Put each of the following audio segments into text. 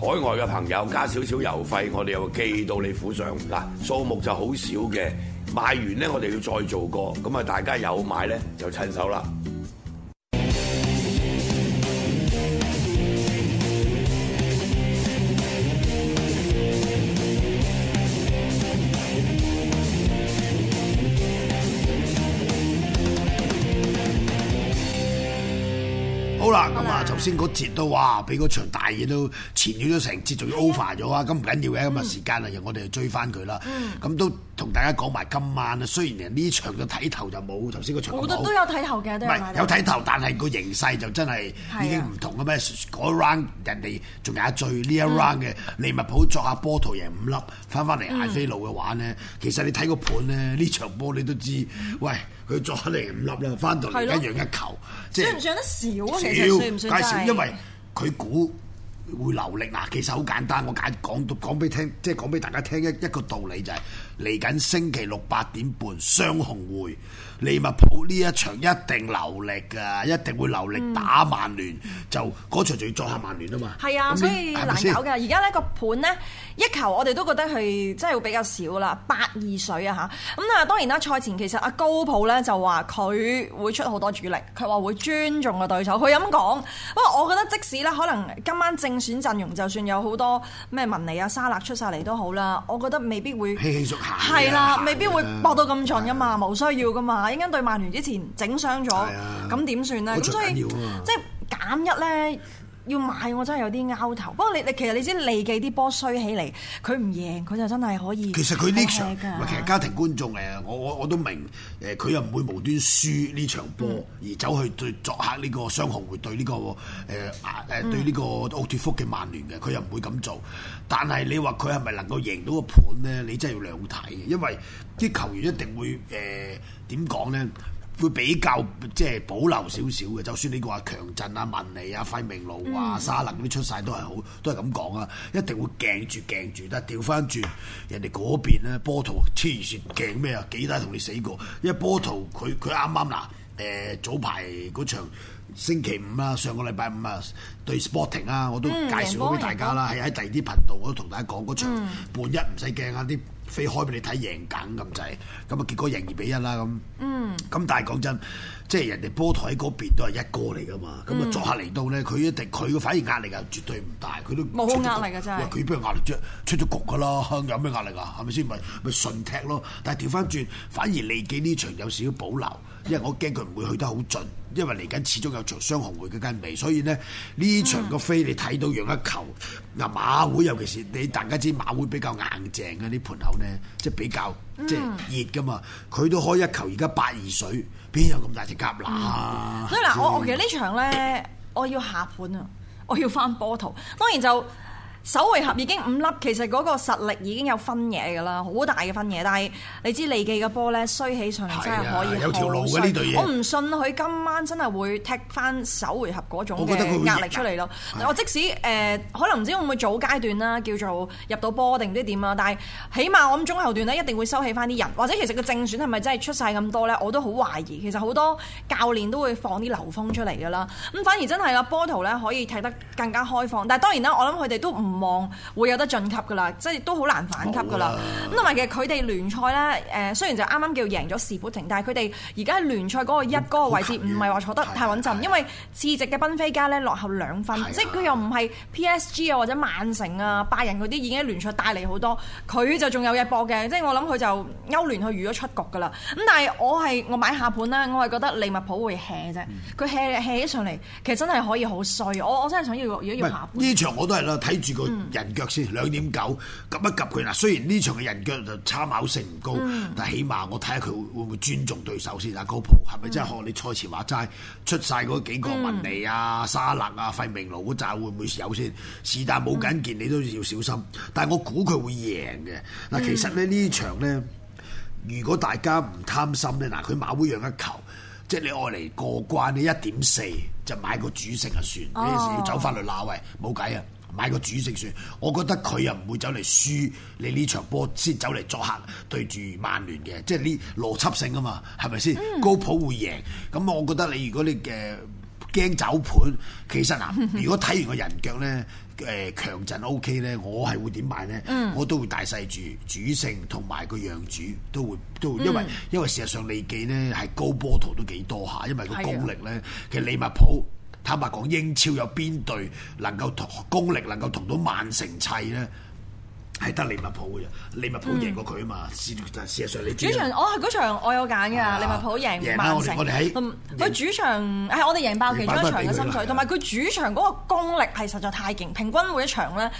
海外嘅朋友加少少郵費，我哋又寄到你府上。嗱，數目就好少嘅，賣完咧我哋要再做過，咁啊大家有買咧就趁手啦。先嗰節都哇，畀嗰場大嘢都纏咗咗成節都，仲要 over 咗啊！咁唔緊要嘅，咁啊時間啊，嗯、我哋追翻佢啦。咁都。同大家講埋今晚啊，雖然呢場嘅睇頭就冇頭先個場，我都都有睇頭嘅，都有有睇頭，但係個形勢就真係已經唔同嘅咩？嗰 round 的人哋仲有一最呢一 round 嘅利物浦作下波圖贏五粒，返返嚟晏菲路嘅話呢，嗯、其實你睇個盤呢，呢場波你都知，喂佢作起嚟贏五粒咧，返到嚟一樣一球，即係唔算得少啊？其實算唔算，少，算，算少，少？因為佢估。會流力嗱，其實好簡單，我解講到講俾聽，即係講俾大家聽一一個道理就係、是，嚟緊星期六八點半雙紅會利物浦呢一場，一定流力㗎，一定會流力打曼聯，嗯、就嗰場就要再下曼聯啊嘛。係啊，你所以難搞㗎。而家吧呢個盤呢，一球，我哋都覺得係真係會比較少啦，八二水啊吓。咁啊當然啦，賽前其實阿高普呢就話佢會出好多主力，佢話會尊重個對手，佢咁講。不過我覺得即使呢，可能今晚正常正常選陣容，就算有好多咩文尼啊沙勒出晒嚟都好啦，我覺得未必會稀稀疏係啦，啊、未必會搏到咁盡噶嘛，冇需要噶嘛，因因對曼聯之前整傷咗，咁點算呢？咁、啊、所以即係減一咧。要買我真係有啲拗頭，不過你你其實你先利記啲波衰起嚟，佢唔贏佢就真係可以。其實佢呢場，其實家庭觀眾誒，我我我都明誒，佢又唔會無端輸呢場波、嗯、而走去對作客呢個雙紅，會對呢、這個誒誒、呃呃、對呢個奧脱福嘅曼聯嘅，佢又唔會咁做。但係你話佢係咪能夠贏到個盤咧？你真係要兩睇，因為啲球員一定會誒點講咧。呃會比較即係保留少少嘅，就算你話強震啊、文尼啊、費明奴啊、沙拿啲出晒都係好，都係咁講啊，一定會鏡住鏡住得掉翻轉。人哋嗰邊咧，波圖黐線鏡咩啊？幾多同你死過？因為波圖佢佢啱啱嗱，誒、呃、早排嗰場星期五啊，上個禮拜五啊，對 Sporting 啊，我都介紹咗俾大家啦，喺喺第二啲頻道我都同大家講嗰場半一唔使鏡啊啲。嗯嗯飛開俾你睇贏緊咁就滯，咁啊結果贏二比一啦咁。咁、嗯、但係講真，即係人哋波台嗰邊都係一哥嚟噶嘛，咁啊作客嚟到咧，佢一定，佢嘅反而壓力啊絕對唔大，佢都冇壓力嘅，真佢邊有壓力啫？出咗局噶啦，嗯、有咩壓力啊？係咪先？咪、就、咪、是、順踢咯。但係調翻轉，反而利記呢場有少少保留。因為我驚佢唔會去得好盡，因為嚟緊始終有場雙紅會嘅跟尾。所以咧呢場個飛、嗯、你睇到讓一球。嗱，馬會尤其是你大家知馬會比較硬淨嘅啲盤口咧，即係比較即係、嗯、熱嘅嘛。佢都開一球，而家八二水，邊有咁大隻蛤乸？所以嗱，我我其實呢場咧，我要下盤啊，我要翻波圖。當然就。首回合已經五粒，其實嗰個實力已經有分野嘅啦，好大嘅分野。但係你知利記嘅波咧，衰起上嚟真係可以耗老身。啊啊、我唔信佢今晚真係會踢翻首回合嗰種壓力出嚟咯。我，我即使誒、呃，可能唔知會唔會早階段啦，叫做入到波定唔知點啦。但係起碼我諗中後段呢，一定會收起翻啲人，或者其實個正選係咪真係出晒咁多呢？我都好懷疑。其實好多教練都會放啲流鋒出嚟嘅啦。咁反而真係個波圖呢可以踢得更加開放。但係當然啦，我諗佢哋都唔。望會有得晉級噶啦，即係都好難反級噶啦。咁同埋其實佢哋聯賽咧，誒雖然就啱啱叫贏咗士砵亭，但係佢哋而家喺聯賽嗰個一嗰、嗯、個位置唔係話坐得太穩陣，嗯嗯、因為次席嘅賓菲加咧落後兩分，嗯嗯、即係佢又唔係 P S G 啊或者曼城啊，拜仁嗰啲已經聯賽帶嚟好多，佢就仲有嘢搏嘅。即係我諗佢就歐聯去預咗出局噶啦。咁但係我係我買下盤啦，我係覺得利物浦會 hea 啫，佢 h e a 起上嚟，其實真係可以好衰。我我真係想要，如果要下盤呢是場我都係啦，睇住佢人腳先兩點九，咁、嗯、一及佢嗱。雖然呢場嘅人腳就參考性唔高，嗯、但起碼我睇下佢會唔會尊重對手先阿、嗯啊、高普係咪真係學你賽前話齋、嗯、出晒嗰幾個文尼啊？沙勒啊、費明奴嗰扎會唔會有先？是但冇緊件，你都要小心。但係我估佢會贏嘅嗱、啊。其實咧呢場呢，如果大家唔貪心呢，嗱、啊、佢馬會讓一球，即係你愛嚟過關，你一點四就買個主勝就算。你有時要走法律那位，冇計啊！買個主勝算，我覺得佢又唔會走嚟輸你呢場波，先走嚟作客對住曼聯嘅，即係呢邏輯性啊嘛，係咪先？嗯、高普會贏，咁我覺得你如果你嘅驚、呃、走盤，其實啊、呃，如果睇完個人腳咧，誒、呃、強陣 OK 咧，我係會點買咧？嗯、我都會大細住主勝同埋個讓主都會都會，因為因為事實上利記呢係高波圖都幾多下，因為個功力咧、哎、呀其實利物浦。坦白講，英超有邊隊能夠同功力能夠同到曼城砌咧？係得利物浦嘅，利物浦贏過佢啊嘛！事實上你知唔知，我係嗰場我有揀噶，利物浦贏曼、啊、我哋喺佢主場，係贏、啊、我哋贏爆其中一場嘅心水，同埋佢主場嗰個功力係實在太勁，的平均每一場咧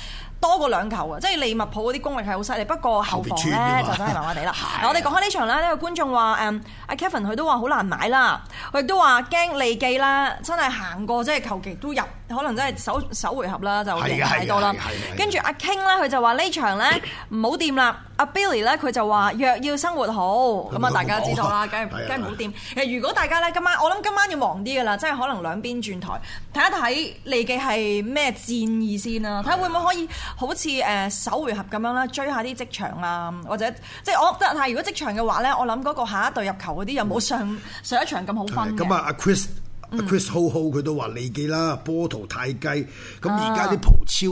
多過兩球啊！即係利物浦嗰啲功力係好犀利，不過後防就真係麻麻地啦。 的我哋講開呢場啦，呢個觀眾話：嗯，阿 Kevin 佢都話好難買啦。佢亦都話驚利記啦，真係行過，即係求其都入，可能真係首首回合啦就贏太多啦。跟住阿 King 咧，佢就話呢場咧唔好掂啦。 阿 Billy 咧，佢就話：若要生活好，咁啊、嗯，大家知道啦，梗係梗係唔好掂。其、嗯、如果大家咧今晚，我諗今晚要忙啲嘅啦，即係可能兩邊轉台睇一睇你嘅係咩戰意先啦。睇會唔會可以好似誒首回合咁樣咧，追下啲職場啊，或者即係我覺得係如果職場嘅話咧，我諗嗰個下一隊入球嗰啲又冇上、嗯、上一場咁好瞓嘅。Chris Ho 佢 Ho, 都話利記啦，波圖太雞。咁而家啲葡超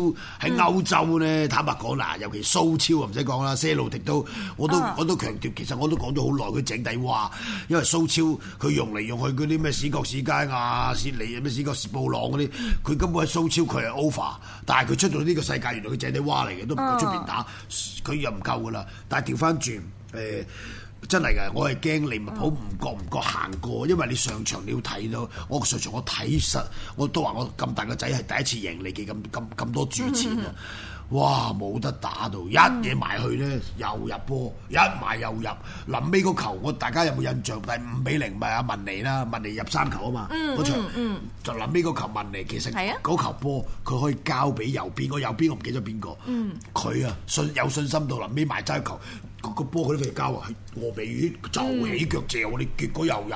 喺歐洲咧，嗯、坦白講嗱，尤其蘇超啊，唔使講啦，些路迪都，我都、嗯、我都強調，其實我都講咗好耐，佢井底蛙。因為蘇超佢用嚟用去嗰啲咩史國史佳亞、啊、史啊，咩史國史布朗嗰啲，佢根本喺蘇超佢係 over，但係佢出到呢個世界，原來佢井底蛙嚟嘅，都唔夠出面打，佢又唔夠噶啦。但係調翻轉誒。呃真係㗎，我係驚利物浦唔覺唔覺行過，因為你上場你要睇到，我上場我睇實，我都話我咁大個仔係第一次贏你嘅咁咁咁多主錢啊！哇，冇得打到，一嘢埋去咧又入波，一埋又入。臨尾個球，我大家有冇印象？但係五比零，咪阿文尼啦，文尼入三球啊嘛。嗰場嗯就臨尾個球文尼，其實嗰球波佢可以交俾右邊，個右邊我唔記得邊個。嗯，佢啊信有信心到臨尾埋齋球。個個波佢都未交啊，河皮魚就起腳借我啲結果又入，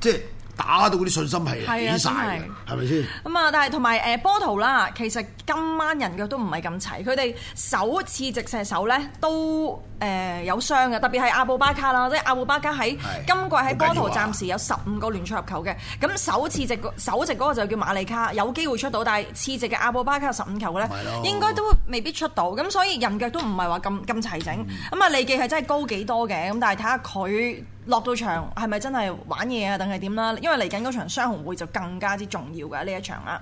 即係。打到啲信心係起晒，嘅，係咪先？咁啊吧、嗯，但係同埋誒波圖啦，其實今晚人腳都唔係咁齊，佢哋首次直射手咧都誒、呃、有傷嘅，特別係阿布巴卡啦，即係阿布巴卡喺的今季喺波圖、啊、暫時有十五個聯賽入球嘅，咁首次直首席嗰個就叫馬利卡，有機會出到，但係次席嘅阿布巴卡有十五球嘅咧，應該都未必出到，咁所以人腳都唔係話咁咁齊整，咁啊利記係真係高幾多嘅，咁但係睇下佢。落到場係咪真係玩嘢啊？定係點啦？因為嚟緊嗰場雙紅會就更加之重要嘅呢一場啦。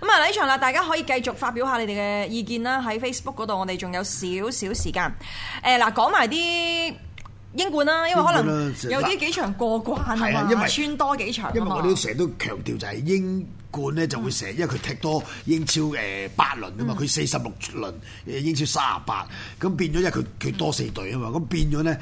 咁啊，呢場啦，大家可以繼續發表下你哋嘅意見啦。喺 Facebook 嗰度，我哋仲有少少時間。誒、呃、嗱，講埋啲英冠啦，因為可能有啲幾場過關啊嘛，英冠因為穿多幾場因為。我哋成日都強調就係英。冠咧就會成，因為佢踢多英超誒八輪啊嘛，佢四十六輪誒英超卅八，咁變咗因為佢佢多四隊啊嘛，咁、嗯、變咗咧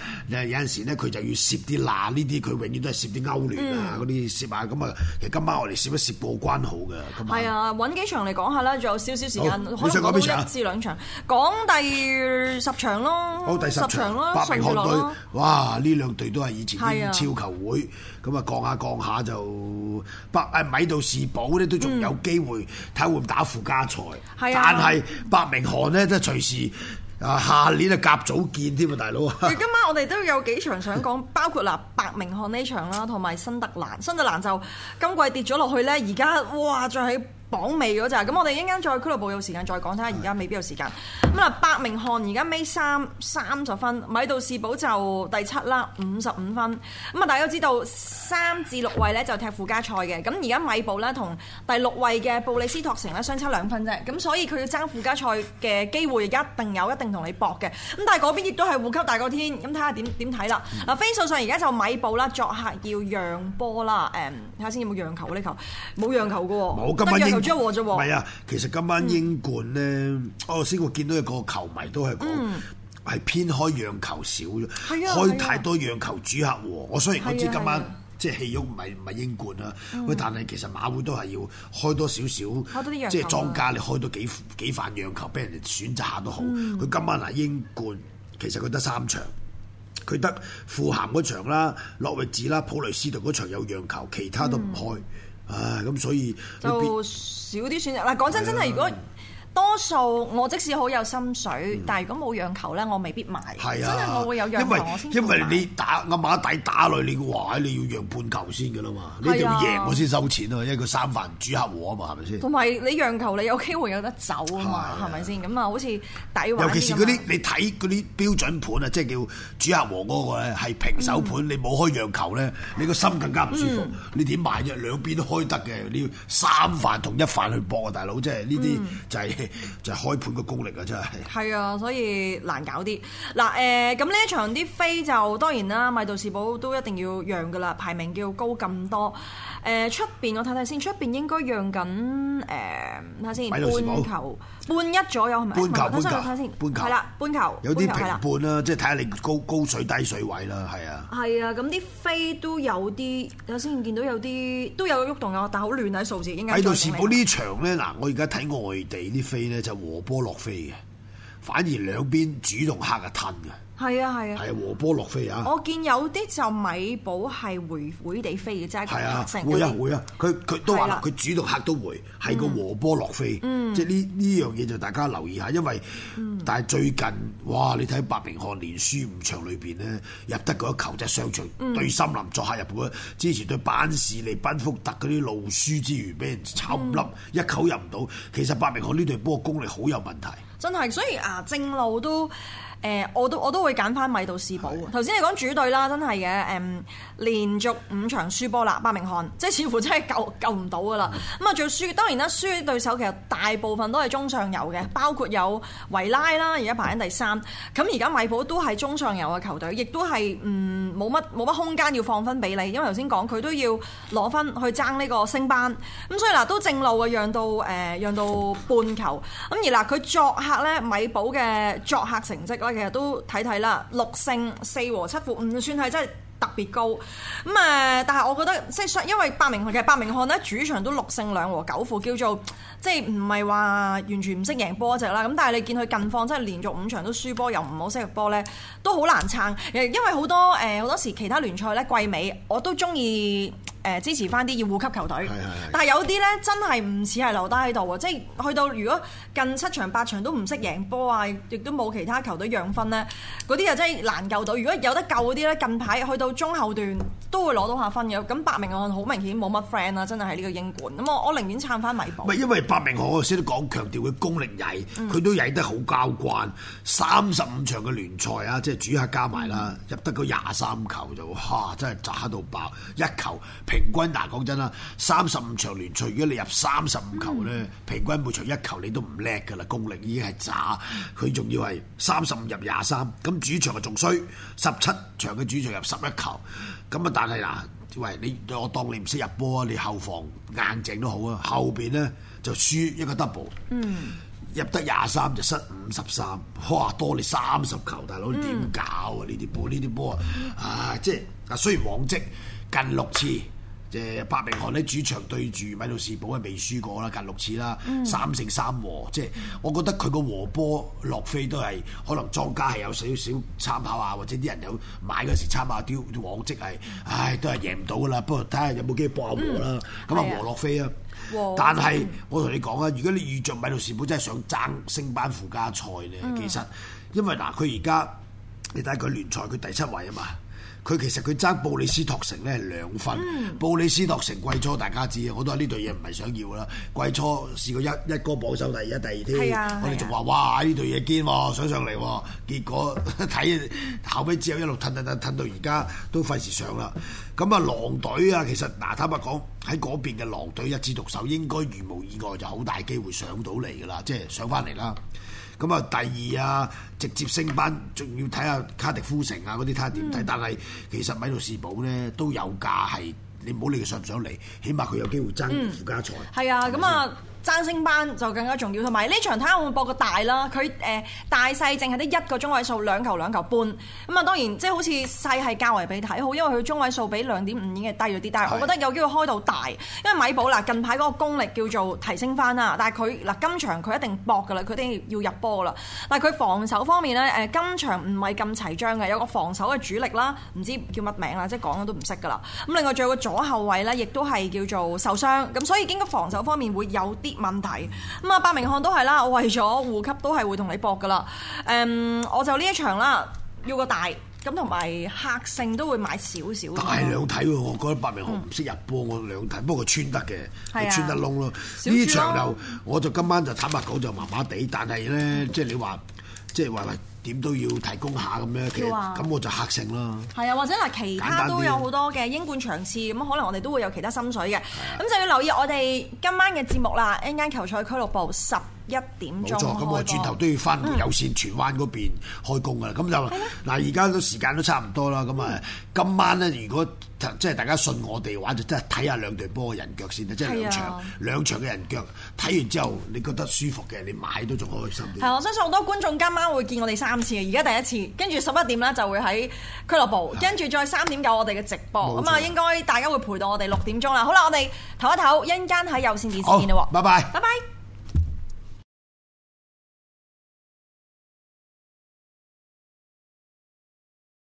有陣時咧佢就要蝕啲嗱呢啲，佢永遠都係蝕啲歐聯啊嗰啲蝕下，咁啊其實今晚我哋蝕一蝕過關好嘅。係啊，揾幾場嚟講下啦，仲有少少時間，可以講一至兩場，講第十場咯，好，第十場咯，八名球隊，哇！呢兩隊都係以前英超球會，咁啊降下降下就。百誒米度士堡咧都仲有機會睇、嗯、會唔打附加賽，啊、但係百明韓咧都隨時誒、啊、下年啊甲組見添啊大佬啊！今晚我哋都有幾場想講， 包括嗱百明韓呢場啦，同埋新特蘭。新特蘭就今季跌咗落去咧，而家哇再喺，榜尾嗰陣，咁我哋一陣間再俱樂部有時間再講，睇下而家未必有時間。咁啊是的，伯明翰而家尾三三十分，米杜士堡就第七啦，五十五分。咁啊，大家都知道三至六位咧就踢附加賽嘅。咁而家米堡咧同第六位嘅布里斯托城咧相差兩分啫。咁所以佢要爭附加賽嘅機會，而家一定有，一定同你搏嘅。咁但係嗰邊亦都係護級大過天。咁睇下點點睇啦。嗱，分、嗯、數上而家就米堡啦，作客要讓波啦。誒，睇下先有冇讓球呢、這個、球？冇讓球嘅喎，唔啫喎，唔係啊！其實今晚英冠咧，我先我見到一個球迷都係講，係偏開讓球少，開太多讓球主客和。我雖然我知今晚即係戲肉唔係唔係英冠啊，喂，但係其實馬會都係要開多少少，即係莊家你開多幾幾番讓球俾人哋選擇下都好。佢今晚嗱英冠，其實佢得三場，佢得富咸嗰場啦、諾維治啦、普雷斯頓嗰場有讓球，其他都唔開。啊！咁所以就別少啲選擇。嗱，講真的，真係如果。多數我即使好有心水，嗯、但係如果冇讓球咧，我未必買。係啊，真係我會有讓球我因為因為你打阿馬底打來你嘅話，你要讓半球先嘅啦嘛。係啊，你要贏我先收錢啊，因為佢三飯主客和啊嘛，係咪先？同埋你讓球，你有機會有得走啊嘛，係咪先？咁啊，是是啊，好似抵，尤其是嗰啲你睇嗰啲標準盤啊，即係叫主客和嗰個咧，係平手盤，嗯、你冇開讓球咧，你個心更加唔舒服。嗯、你點買啫？兩邊都開得嘅，你要三飯同一飯去搏啊，大佬！即係呢啲就係、嗯。就係開盤嘅功力啊，真係係啊，所以難搞啲嗱誒，咁、呃、呢一場啲飛就當然啦，米杜士堡都一定要讓噶啦，排名叫高咁多誒，出、呃、邊我睇睇先，出邊應該讓緊誒，睇、呃、下先半球半一左右係咪球？半球睇下先半球係啦，半球有啲平半啦，了即係睇下你高高水低水位啦，係啊，係啊，咁啲飛都有啲，有先見到有啲都有喐動嘅，但好亂喺數字，米杜士堡呢場咧嗱，我而家睇外地呢。飛呢，就和波落飛。反而兩邊主動客係吞嘅，係啊係啊，係和波落飛啊！我見有啲就米堡係回回地飛嘅啫，係啊，會啊會啊，佢佢都話啦，佢主動客都回，係個和波落飛，嗯、即係呢呢樣嘢就大家留意下，因為但係最近哇，你睇白明漢連輸五場裏邊呢，入得嗰一球啫，上場對森林作客入波，嗯、之前對班士利、賓福特嗰啲路輸之餘，俾人炒五粒、嗯，一口入唔到，其實白明漢呢隊波功力好有問題。真係，所以啊，正路都。誒、呃，我都我都會揀翻米杜士堡啊！頭先的你講主隊啦，真係嘅誒，連續五場輸波啦，巴明翰，即係似乎真係救救唔到㗎啦。咁、嗯、啊，仲輸，當然啦，輸嘅對手其實大部分都係中上游嘅，包括有維拉啦，而家排緊第三。咁而家米堡都係中上游嘅球隊，亦都係嗯冇乜冇乜空間要放分俾你，因為頭先講佢都要攞分去爭呢個升班。咁所以嗱，都正路啊，讓到誒讓到半球。咁而嗱，佢作客咧，米堡嘅作客成績其實都睇睇啦，六勝四和七負，唔算係真係。特別高咁誒、嗯，但係我覺得即係，因為伯明翰其實伯明翰咧主場都六勝兩和九負，叫做即係唔係話完全唔識贏波只啦。咁但係你見佢近況，即係連續五場都輸波，又唔好識入波呢，都好難撐。因為好多誒好多時其他聯賽呢，季尾，我都中意誒支持翻啲要護級球隊。但係有啲呢，真係唔似係留低喺度，即係去到如果近七場八場都唔識贏波啊，亦都冇其他球隊讓分呢，嗰啲就真係難救到。如果有得救嗰啲呢，近排去到。中後段都會攞到下分嘅，咁伯明翰好明顯冇乜 friend 啦，真係喺呢個英冠，咁我我寧願撐翻米堡。唔係因為伯明翰我先都講強調佢功力曳，佢、嗯、都曳得好交關。三十五場嘅聯賽啊，即係主客加埋啦，入得個廿三球就嚇，真係渣到爆！一球平均嗱，講真啦，三十五場聯賽如果你入三十五球咧，嗯、平均每場一球你都唔叻㗎啦，功力已經係渣。佢仲、嗯、要係三十五入廿三，咁主場啊仲衰，十七場嘅主場入十一球。咁啊！但係嗱，喂，你我當你唔識入波啊，你後防硬淨都好啊，後邊咧就輸一個 double，嗯，入得廿三就失五十三，哇，多你三十球，大佬，你點搞啊？呢啲波呢啲波啊，啊，即係啊，雖然往績近六次。即係伯明翰咧主場對住米道士堡係未輸過啦，近六次啦，嗯、三勝三和。即係我覺得佢個和波落飛都係，可能莊家係有少少參考啊，或者啲人有買嗰時參考啲往績係，唉，都係贏唔到噶啦。不過睇下有冇機會博下和啦。咁啊、嗯、和落飛啊，但係我同你講啊，如果你遇着米道士堡真係想爭升班附加賽呢，嗯、其實因為嗱，佢而家你睇下佢聯賽佢第七位啊嘛。佢其實佢爭布里斯托城呢係兩分，嗯、布里斯托城季初大家知啊，我都話呢對嘢唔係想要啦。季初試過一一哥榜首第一、第二添，二啊、我哋仲、啊、話哇呢對嘢堅喎，想上上嚟，結果睇後尾之後一路褪褪褪褪到而家都費事上啦。咁啊狼隊啊，其實嗱坦白講喺嗰邊嘅狼隊一枝獨秀，應該如無意外就好大機會上到嚟㗎啦，即係上翻嚟啦。咁啊，第二啊，直接升班仲要睇下卡迪夫城啊，嗰啲睇下點睇，看看嗯、但係其實米度士堡咧都有價係，你唔好理佢上唔上嚟，起碼佢有機會爭附加賽。係、嗯、啊，咁吧啊。爭升班就更加重要，同埋呢場睇下會唔會博個大啦？佢誒、呃、大細淨係得一個中位數兩球兩球半咁啊！當然即係好似細係較為比睇好，因為佢中位數比兩點五已經係低咗啲。但係我覺得有機會開到大，因為米堡啦近排嗰個功力叫做提升翻啦。但係佢嗱今場佢一定博㗎啦，佢一定要入波啦。但係佢防守方面呢，誒、呃、今場唔係咁齊章嘅，有個防守嘅主力啦，唔知叫乜名啦，即係講都唔識㗎啦。咁另外仲有個左後衞呢，亦都係叫做受傷，咁所以應該防守方面會有啲。問題咁啊，伯明翰都係啦，我為咗護級都係會同你搏㗎啦。誒、嗯，我就呢一場啦，要個大咁同埋客勝都會買少少。大兩體，我覺得伯明翰唔識入波，嗯、我兩體，不過穿得嘅，啊、穿得窿咯。呢場就我就今晚就坦白講就麻麻地，但係咧即係你話即係話。就是點都要提供下咁樣，嘅嘩，咁我就客勝啦。係啊，或者嗱，其他都有好多嘅英冠場次，咁可能我哋都會有其他心水嘅。咁的就要留意我哋今晚嘅節目啦，一間球賽俱樂部十一點鐘，冇錯，咁我轉頭都要翻回有線荃灣嗰邊開工噶啦。咁就嗱，而家個時間都差唔多啦。咁啊，今晚咧，如果即係大家信我哋話，就真係睇下兩隊波人腳先。即係兩場，兩場嘅人腳睇完之後，你覺得舒服嘅，你買都仲開心。係我相信好多觀眾今晚會見我哋三次嘅。而家第一次，跟住十一點咧就會喺俱樂部，跟住再三點有我哋嘅直播。咁啊，應該大家會陪到我哋六點鐘啦。好啦，我哋唞一唞，一陣間喺有線電視見啦。喎，拜拜，拜拜。